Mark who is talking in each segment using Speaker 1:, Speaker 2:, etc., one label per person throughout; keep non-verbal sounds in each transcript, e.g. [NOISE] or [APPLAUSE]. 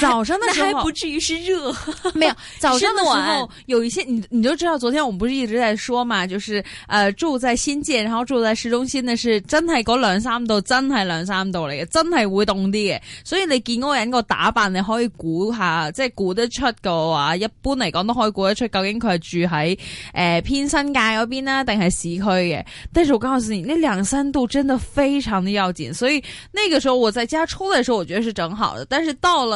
Speaker 1: 早上的時候還不至於是熱，沒有 [LAUGHS] 早上的時候
Speaker 2: 有一些你你都知道，昨天我們不是一直在說嘛，就是呃住在新界，然後住在市中心的是真係嗰兩三度，真係兩三度嚟嘅，真係會凍啲嘅。所以你見個人個打扮，你可以估下，即係估得出嘅話，一般嚟講都可以估得出，究竟佢係住喺誒、呃、偏新界嗰邊啊定係市區嘅。但是我告訴你那兩三度真的非常的要緊。所以那個時候我在家出來的時候，我覺得是整好的，但是到了。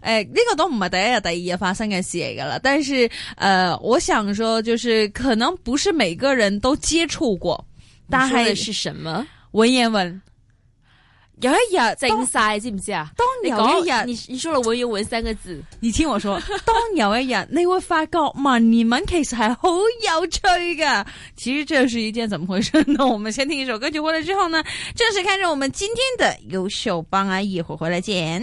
Speaker 2: 哎，那、這個都唔係第一日，第二日發生嘅事嚟㗎喇。但是，呃，我想說，就是可能不是每個人都接觸過。你說的是什麼文言文？
Speaker 1: 有一日，當晒知唔知啊？當有一日，你你說了文言文三個字，
Speaker 2: 你聽我說。 [LAUGHS] 當有一日，你會發覺文言文其實係好有趣噶。其實這是一件怎麼回事呢？我們先聽一首歌曲過來之後呢，正式看着我們今天的優秀幫阿姨會回來見。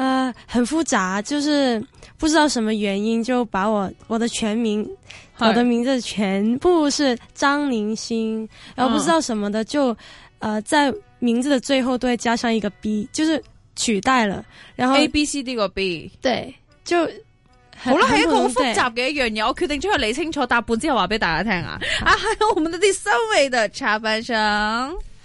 Speaker 2: 呃，
Speaker 3: 很複雜，就是不知道什麼原因，就把我我的全名，我的名字全部是張寧星，嗯，然後不知道什麼的，就呃在名字的最後都會加上一個 B，就是
Speaker 2: 取代了，然後 A B C D 個 B，對，就好啦，係一個好複雜嘅一樣嘢，我決定將佢理清楚，答半之後話俾大家聽啊啊，還有 [LAUGHS] 我們的第三位的插班生。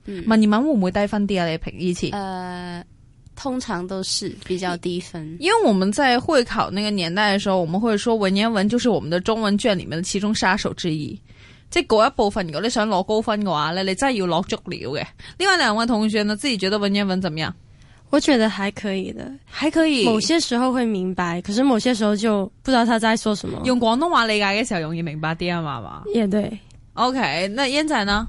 Speaker 2: 媽、嗯，問你哋會唔會低分啲嘢、啊、你平以前誒，通常都是比較低分，因為我們在會考那個年代嘅時候，我們會說文言文就是我們的中文卷裏面嘅其中殺手之一。即係嗰一部分，如果你想攞高分嘅話咧，你真係要攞足料嘅。另外兩位同學呢，自己覺得文言文怎麼樣？我覺得還可以的，還可以。某些
Speaker 3: 時候會明白，可是某些時候就不知道他在說什麼。用
Speaker 2: 廣東話理解嘅時候容易明白啲啊
Speaker 3: 嘛
Speaker 4: 嘛。
Speaker 2: 也對。OK，那煙仔呢？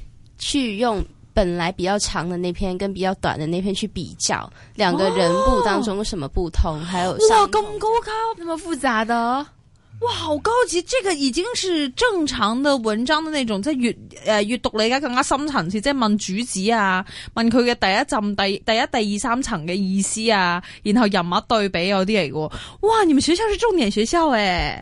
Speaker 5: 去用本來比較長的那篇跟比較短的那篇去比較兩個人物當中有什麼不同，還有哇，
Speaker 6: 咁高級那麼複雜
Speaker 2: 的，哇，好高級，這個已經是正常的文章的那種，即係閱誒閱讀理解更加深層次，即係問主旨啊，問佢嘅第一層、第第一、第二、三層嘅意思啊，然後人物對比有啲嚟嘅，哇，你們學校是重點學校誒。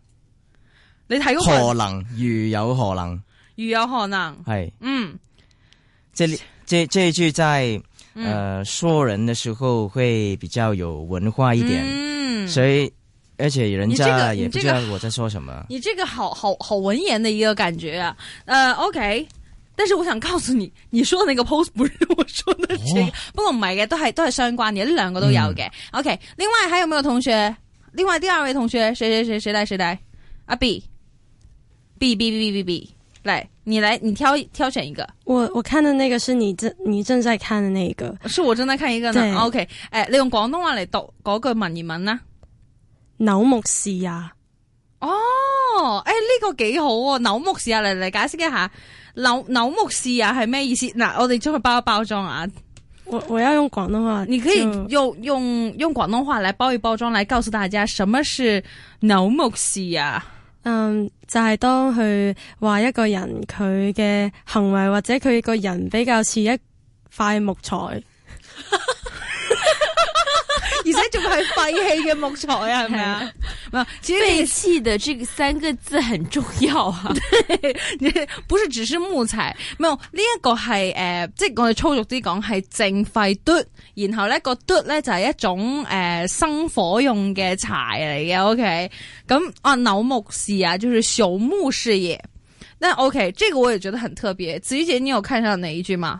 Speaker 2: 你何
Speaker 4: 能如有，有何能？
Speaker 2: 如有何能？
Speaker 4: 係，嗯，這係這係一句在呃、嗯、說人的時候會比較有文化一點，嗯，所以而且人家也、這個、也不知道我在說什麼。你這個，
Speaker 2: 你這個好這個好好，好文言的一個感覺啊，呃 o、okay、k 但是我想告訴你，你說的那個 post 不是我說的、哦，不過唔係嘅，都係都係相關嘅，呢兩個都有嘅、嗯。OK，另外還有沒有同學？另外第二位同學，誰誰誰，誰，誰，誰來誰來？阿 B。B, B B B B B，嚟，你來，你挑挑選一個。
Speaker 3: 我我看的那個是你正你正在看的那個，
Speaker 2: 是我正在看一個呢。OK，誒、欸，你用廣東話嚟讀嗰
Speaker 3: 句文言文啦。紐木氏呀，
Speaker 2: 哦、no oh, 欸，誒，呢個幾好哦、啊。紐木氏呀，嚟嚟解釋一下紐紐木氏呀係咩意思？嗱、nah，我哋將佢包一包裝啊。我我要用廣東話，你可以用用用廣東話嚟包一包裝，嚟告訴大家什麼是紐木氏呀。嗯、um，就
Speaker 3: 係當佢話一個人佢嘅行為或者佢個人比較似
Speaker 2: 一塊
Speaker 3: 木材。 [LAUGHS] [LAUGHS]
Speaker 2: 而且仲係廢棄嘅木材啊，係咪啊？冇，其實廢棄嘅呢個三個字很重要啊。 [LAUGHS] 你不是只是木材，冇呢一個係誒、呃，即係我哋粗俗啲講係淨廢嘟然後呢個嘟咧就係一種誒、呃、生火用嘅柴嚟嘅。OK，咁啊，扭木事啊，就是朽木事業那 OK，這個我也覺得很特別。子怡姐，你有看上哪一句嗎？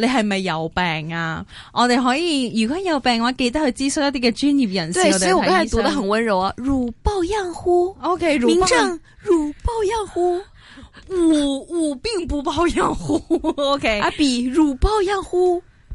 Speaker 2: 你係咪有病啊？我哋可以如果有病嘅話，記得去諮詢一啲嘅專業人士。對，所以我今日讀得很温柔啊。
Speaker 1: 汝抱恙乎？OK，名正汝抱恙乎？吾、okay, 吾 [LAUGHS] 並不抱恙乎？OK，阿比汝抱恙乎？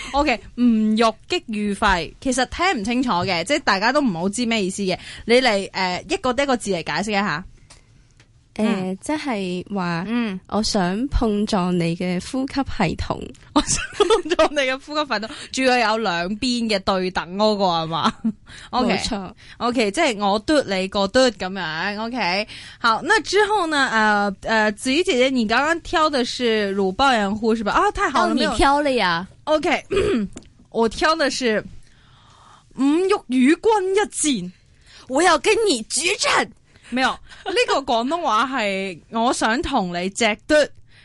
Speaker 2: [LAUGHS] O.K.，唔欲激預快，其實聽唔清楚嘅，即係大家都唔好知咩意思嘅。你嚟誒、呃、一個一個字嚟解釋一下。誒、呃，
Speaker 5: 即係話，我想碰撞你嘅呼吸系統， [LAUGHS] 我想
Speaker 2: 碰撞你嘅呼吸系統主要有兩邊嘅對等嗰、那個係嘛？
Speaker 5: 冇錯 [LAUGHS]
Speaker 2: okay,，OK，即係我嘟你個嘟咁樣，OK。好，那之後呢？誒、呃、誒、呃，子瑜姐姐，你剛剛挑的是乳爆羊呼是吧？啊，太好了，你挑了呀 [LAUGHS] ？OK， [COUGHS] 我挑的是五玉與君一戰，我要跟你決戰。咩 [LAUGHS] 有呢、這個廣東話係我想同你隻嘟，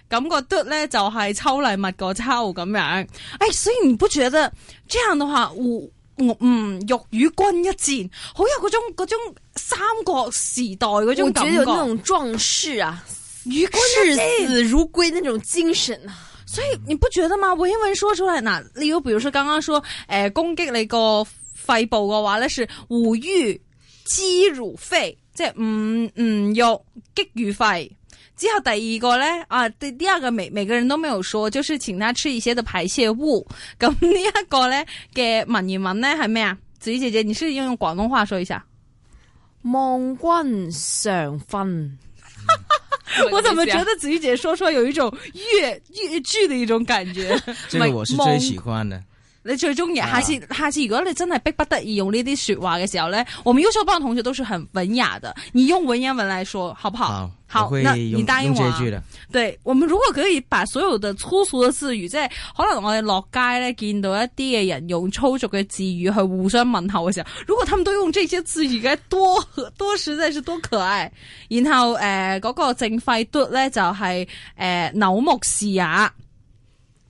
Speaker 2: 咁個嘟咧就係抽禮物個抽咁樣。哎，所以你不覺得，這樣的話，吳吳吳欲與君一戰，好有嗰種種三國時代嗰種感覺。壯士啊，與君視死如歸那種精神啊！所以你不覺得嗎？文言文說出來嗱，例如，比如說剛剛說，誒、呃、攻擊你個肺部嘅話咧，是無欲「吳玉支如肺。即係唔唔欲激於肺，之後第二個咧啊，第第二個每每個人都沒有說，就是請他吃一些的排泄物。咁、嗯這個、呢一個咧嘅文言文咧係咩啊？子怡姐姐，你試要用廣東話說一下？
Speaker 6: 望
Speaker 2: 君常飯。
Speaker 4: [LAUGHS] [LAUGHS]
Speaker 2: 我怎麼覺得子怡姐姐說出有一種粵粵劇的一種感覺？ [LAUGHS] 這個我是最喜歡的。你最中意下次下次，下次如果你真係逼不得已用呢啲說話嘅時候咧，我們優秀班同學都是很文雅的，你用文言文來說，好不好？好，好你答應我、啊。對，我們如果可以把所有的粗俗的字語，即係可能我哋落街咧見到一啲嘅人用粗俗嘅字語去互相問候嘅時候，如果他們都用這些字語，該多多實在是多可愛。然後誒，嗰、呃那個正肺嘟咧就係、是、誒，牛目是也。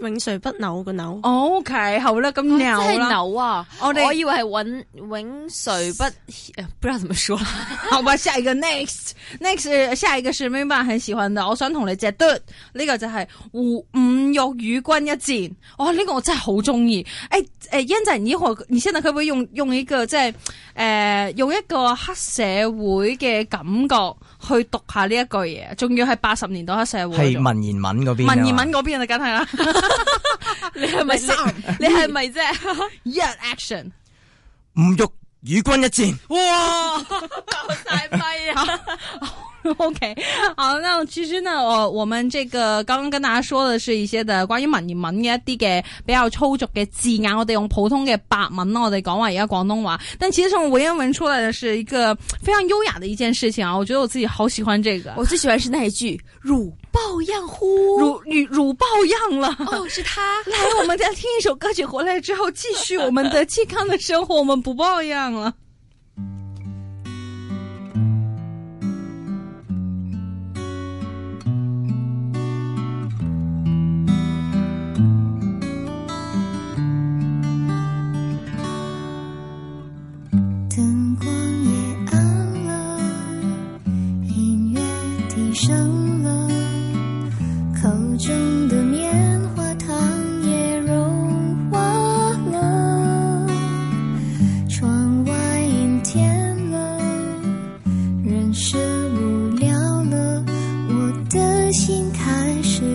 Speaker 2: 永垂不朽個朽 OK 好啦，咁朽啦，啊！我哋我以為
Speaker 1: 係永永垂不，
Speaker 2: 誒，唔知道怎麼說啦。 [LAUGHS] 好吧，下一個 next，next Next，下一個是 m a n 很喜歡的，我想同你借得呢、這個就係吳吳玉與君一戰，我、哦、呢、這個我真係好中意。誒、欸、誒，煙、欸、仔你，你可你現在可唔可以用用一個即係？這個誒、呃、用一個黑社會嘅感覺去讀下呢一句嘢，仲要係八十年代黑社會。係
Speaker 4: 文言文嗰邊。文言文
Speaker 2: 嗰邊啊，梗係啦。 [LAUGHS] [LAUGHS] 你係咪不？ [LAUGHS] [LAUGHS] 你係咪啫？One action，
Speaker 4: 吾欲與君一戰。
Speaker 2: 哇！晒 [LAUGHS] 咪米 [LAUGHS] 啊！OK，好，那其實呢，我、哦、我們這個剛剛跟大家說的是一些的關於文言文的一啲嘅比較粗俗嘅字眼，我哋用普通嘅白文我哋講話、而家廣東話。但其實從文言文出來嘅是一個非常優雅的一件事情啊！我覺得我自己好喜歡這個。我最喜歡是那一句“汝抱恙乎”？汝女，汝抱恙了？哦，是他。 [LAUGHS] 來，我們再聽一首歌曲回來之後，繼續我們的健康的生活。 [LAUGHS] [LAUGHS] 我們不抱恙了。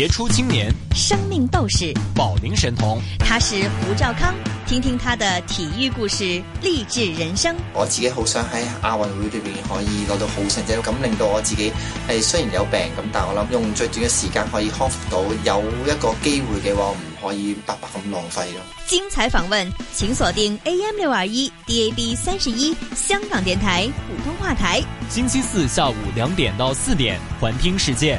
Speaker 7: 傑出青年、生命鬥士、保齡神童，他是胡兆康。聽聽他的體育故事，勵志人生。
Speaker 8: 我自己好想喺亞運會裏邊可以攞到好成績，咁令到我自己係雖然有病，咁但我諗用最短嘅時間可以康復到，有一個機會嘅話，唔可以白白咁浪費咯。
Speaker 7: 精彩訪問，請鎖定 AM 六二一 DAB 三十一香港電台普通話台。星期四下午
Speaker 9: 兩點到四點，環聽世界。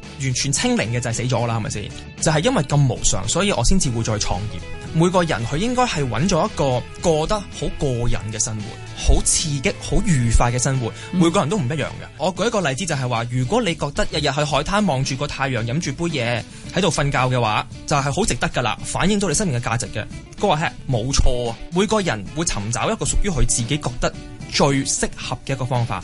Speaker 8: 完全清零嘅就係死咗啦，係咪先？就係因為咁無常，所以我先至會再創業。每個人佢應該係揾咗一個過得好過癮嘅生活，好刺激、好愉快嘅生活。每個人都唔一樣嘅。我舉一個例子就係話，如果你覺得日日去海灘望住個太陽，飲住杯嘢喺度瞓覺嘅話，就係好值得噶啦，反映到你生命嘅價值嘅。個話係，冇錯。每個人會尋找一個屬於佢自己覺得最適合嘅一個方法。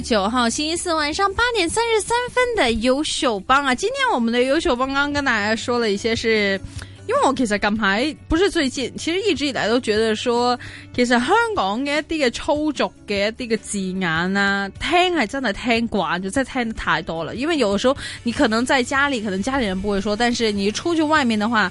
Speaker 2: 九號星期四晚上八點三十三分的優秀幫啊！今天我們的優秀幫剛剛跟大家說了一些，是因為我其實剛才不是最近，其實一直以來都覺得說，其實香港的一啲嘅粗俗嘅一啲嘅字眼啊，聽係真係聽慣就就再聽得太多了。因為有的時候你可能在家裏，可能家裏人不會說，但是你出去外面的話。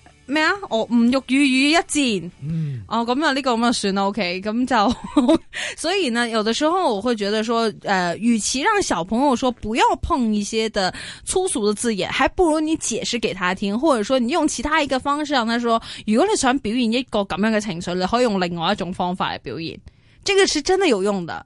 Speaker 2: 咩啊？我、哦、唔欲語語一戰。嗯、哦，咁啊，呢個咁啊算啦。OK，咁就 [LAUGHS] 所以呢，有的時候我會覺得說，誒、呃，與其讓小朋友說不要碰一些的粗俗的字眼，還不如你解釋給他聽，或者說你用其他一個方式，讓他說，如果你想表現一個咁樣嘅情緒，你可以用另外一種方法嚟表現，這個是真的有用的。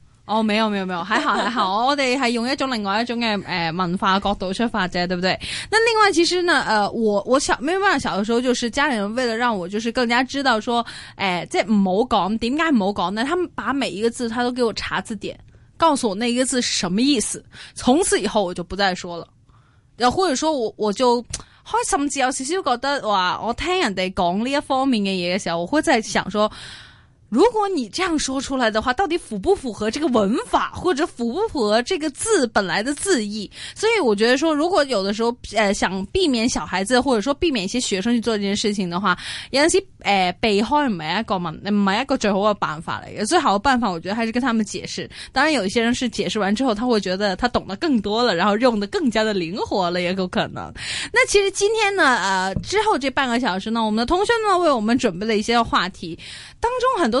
Speaker 2: 哦，沒有沒有沒有，還好還好， [LAUGHS] 我哋係用一種另外一種嘅誒文化角度出發啫，對不對？那另外其實呢，誒、呃、我我小，沒有辦法，小的時候，就是家裏人為了讓我，就是更加知道說，誒即係唔好講，點解唔好講呢。那他們把每一個字，他都給我查字典，告訴我那一個字什麼意思。從此以後我就不再說了，又或者說我我就開甚至有少少覺得話，我聽人哋講呢一方面嘅嘢嘅時候，我會再想說。如果你這樣說出來的話，到底符不符合這個文法，或者符不符合這個字本來的字意？所以我覺得說，如果有的時候，呃，想避免小孩子，或者說避免一些學生去做這件事情的話，楊希，呃，避開唔係一個，唔係一個最好的辦法嚟嘅。最好的辦法，我覺得還是跟他們解釋。當然，有一些人是解釋完之後，他會覺得他懂得更多了，然後用得更加的靈活了，也有可能。那其實今天呢，呃，之後這半個小時呢，我們的同學們為我們準備了一些話題，當中很多。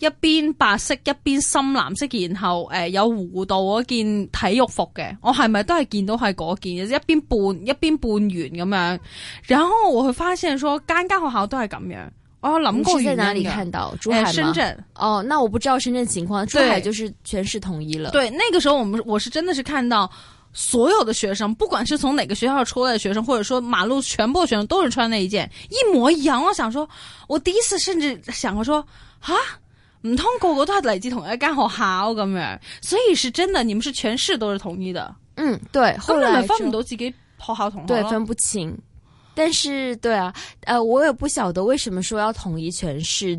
Speaker 2: 一邊白色，一邊深藍色，然後誒、呃、有弧度嗰件體育服嘅，我係咪都係見到係嗰件？一邊半一邊半圓咁樣，然後我會發現說，間間學校都係咁樣。
Speaker 1: 我有諗過，你喺哪裏看到？珠海、呃、深圳哦，那我不知道深圳情況。珠海就是全市統一了。對，那個時候我們我
Speaker 2: 是真的是看到所有的學生，不管是從哪個學校出來的學生，或者說馬路全部的學生都是穿那一件，一模一樣。我想說，我第一次甚至想過說，啊。唔通個個都係嚟自同一間學校咁樣，所以是真的，你們是全市都是統一的。
Speaker 1: 嗯，對。後來分唔到
Speaker 2: 自己學校
Speaker 5: 同
Speaker 1: 學，對，分不清。但是，對啊，誒、呃，我也不曉得為什麼說要統一全市。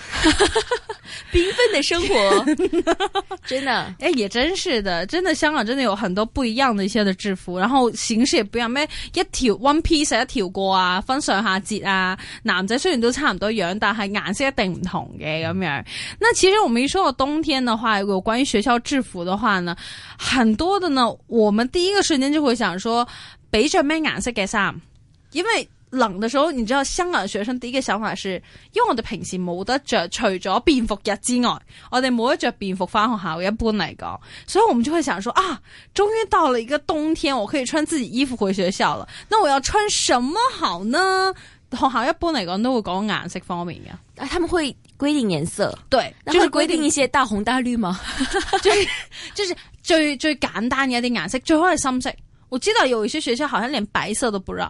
Speaker 1: 哈哈哈哈，繽紛的生活，
Speaker 2: 真的誒 [LAUGHS] 也真是的，真的香港真的有很多不一樣的一些的制服，然後形式也不一樣。咩一條 one piece 一條過啊，分上下節啊，男仔雖然都差唔多樣，但係顏色一定唔同嘅咁樣。那其實我們一說到冬天的話，有關於學校制服的話呢，很多的呢，我們第一個瞬間就會想說比着咩顏色嘅衫，因為。冷的時候，你知道香港的學生第一個想法是，因為我哋平時冇得着，除咗便服日之外，我哋冇得着便服返學校。一般嚟講，所以我們就會想說啊，終於到了一個冬天，我可以穿自己衣服回學校了。那我要穿什麼好呢？學校一般嚟講都會講顏色方面
Speaker 1: 嘅，他們會規定顏色，對，就是規
Speaker 2: 定一些大紅大綠嘛， [LAUGHS] 就是就是最最簡單嘅一啲顏色，最好係深色。我知道有一些學校，好像連白色都不讓。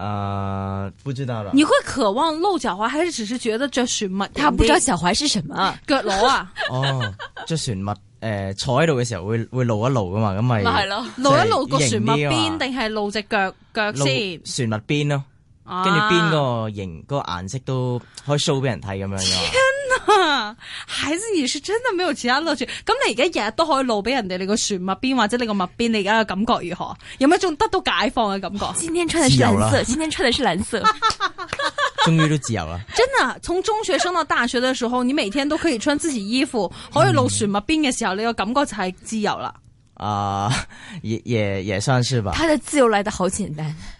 Speaker 4: 啊，不知道啦。你會
Speaker 2: 渴望露腳踝，還是只是覺得着船襪？他不知道腳踝是什麼，腳 [LAUGHS] 踝啊？
Speaker 4: 哦、 [LAUGHS] oh,，呃、着船襪誒坐喺度嘅時候會會露一露噶嘛？咁咪係咯，露一露個船襪邊，
Speaker 2: 定係露隻腳腳先？
Speaker 4: 船襪邊咯，跟住邊個形、個顏色都可以 show 俾、啊、人睇咁樣嘅。
Speaker 2: [LAUGHS] 孩子，你是真的沒有其他樂趣。咁你而家日日都可以露俾人哋你個船襪邊或者你個襪邊，你而家嘅感覺如何？有冇一種得到解放嘅感覺？今天穿嘅是藍色，今天穿嘅是藍色，
Speaker 4: 終 [LAUGHS] 於都自由啦！ [LAUGHS]
Speaker 2: 真的，從中學升到大學的時候，你每天都可以穿自己衣服，可以露船襪邊嘅時候，你、嗯這個感覺就係自由
Speaker 4: 啦。啊、呃，也也也算是吧。他的
Speaker 2: 自由來得好簡單。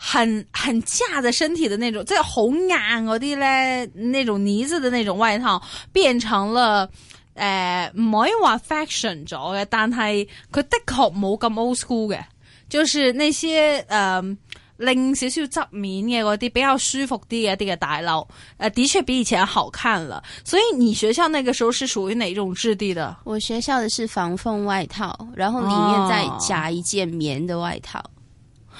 Speaker 2: 很很架在身體的那種，即係好硬嗰啲咧，那種呢子的那種外套，變成了誒唔、呃、可以話 fashion 咗嘅，但係佢的確冇咁 old school 嘅，就是那些誒，令少少織棉嘅嗰啲比較舒服啲嘅啲嘅大褸，誒、呃、的確比以前好看了。所以你學校那個時候是屬於哪一種質地
Speaker 5: 的？我學校的是防風外套，然後裏面再加一件棉的外套。Oh.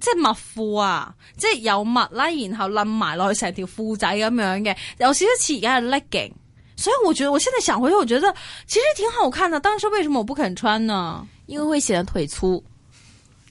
Speaker 2: 即係襪褲啊，即係有襪啦，然後冧埋落去成條褲仔咁樣嘅，有少少似而家嘅 legging，所以我覺得我現在想回去，我覺得其實挺好看的。當時為什麼我不肯穿呢？
Speaker 1: 因為會顯得腿粗。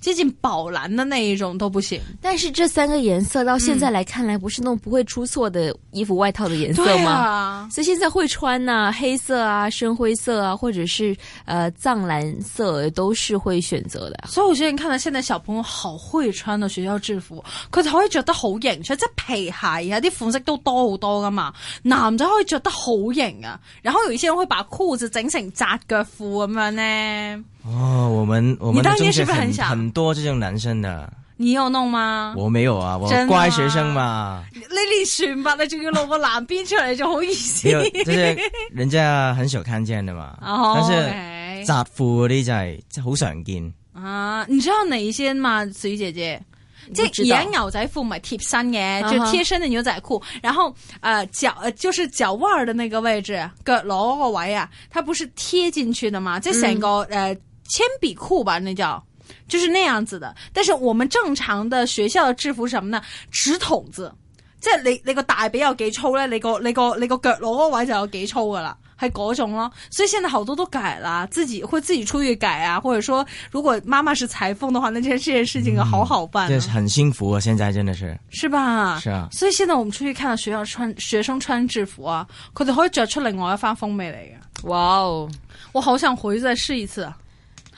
Speaker 2: 接近寶藍的那一種都不行，
Speaker 1: 但是這三個顏色到現在來看來，不是那種不會出錯的衣服外套的顏色嗎？對啊、所以現在會穿呐、啊，黑色啊、深灰色啊，或者是呃藏藍色都是會選擇的。所以我覺得，你看到現在小朋友好會穿的學校制服，佢可以著得
Speaker 2: 好型。所以這皮鞋啊啲款式都多好多噶嘛。男仔可以著得好型啊，然後有一些人會把褲子整成窄腳褲咁樣呢。
Speaker 4: 哦，我們我們的中學很是是很，很多這種男生的。
Speaker 2: 你有弄嗎？我
Speaker 4: 沒有啊，我乖學生嘛。
Speaker 2: 那你選吧，你就要露個藍邊出來就好意思。
Speaker 4: 人家很少看見的嘛， [LAUGHS] 但是、okay、雜褲嗰啲就係就好常見。
Speaker 2: 啊，你知道哪一些嗎，子瑜姐姐？即係而家牛仔褲唔係貼身嘅，就貼身的牛仔褲，uh -huh. 然後呃腳呃就是腳腕的那個位置個踝嗰個位啊，它不是貼進去的嘛？就成個、嗯、呃。鉛筆褲吧，那叫，就是那樣子的。但是我們正常的學校的制服是什麼呢？紙筒子，在你你個大髀有幾粗呢？你個你個你個腳踝位就有幾粗噶啦，係嗰種咯。所以現在好多都改啦，自己會自己出去改啊。或者說，如果媽媽是裁縫的話，那件這件事情好好辦，啊，嗯、這
Speaker 4: 是很幸福啊！現在真的是，
Speaker 2: 是吧？是啊。所以現在我們出去看到學校穿學生穿制服啊，佢哋可以着出另外一番風味嚟嘅。哇哦！我好想回去再試一次。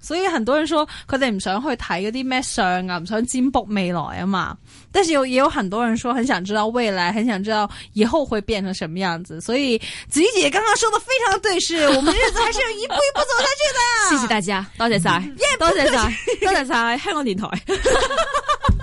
Speaker 2: 所以很多人說佢哋唔想去睇嗰啲咩相啊，唔想占卜未來啊嘛。但是有也有很多人說，很想知道未來，很想知道以後會變成什麼樣子。所以子怡姐剛剛說的非常對視，是 [LAUGHS] 我們日子還是要一步一步走下去的。 [LAUGHS] 謝謝大家，多謝晒，多、yeah, 謝晒，多謝晒，香港電台。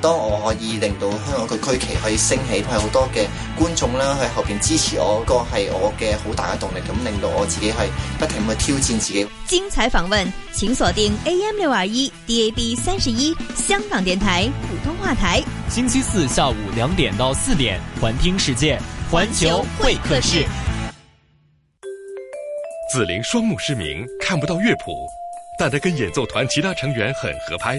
Speaker 8: 當我可以令到香港嘅區旗可以升起，係好多嘅觀眾啦喺後邊支持我，個係我嘅好大嘅動力，咁令到我自己係不停去挑戰自己。
Speaker 7: 精彩訪問，請鎖定 AM 六二一 DAB 三十一，香港電台普通話台。
Speaker 9: 星期四下午兩點到四點，環聽世界，環球會客室。子玲雙目失明，看不到樂譜，
Speaker 8: 但他跟演奏團其他成員很合拍。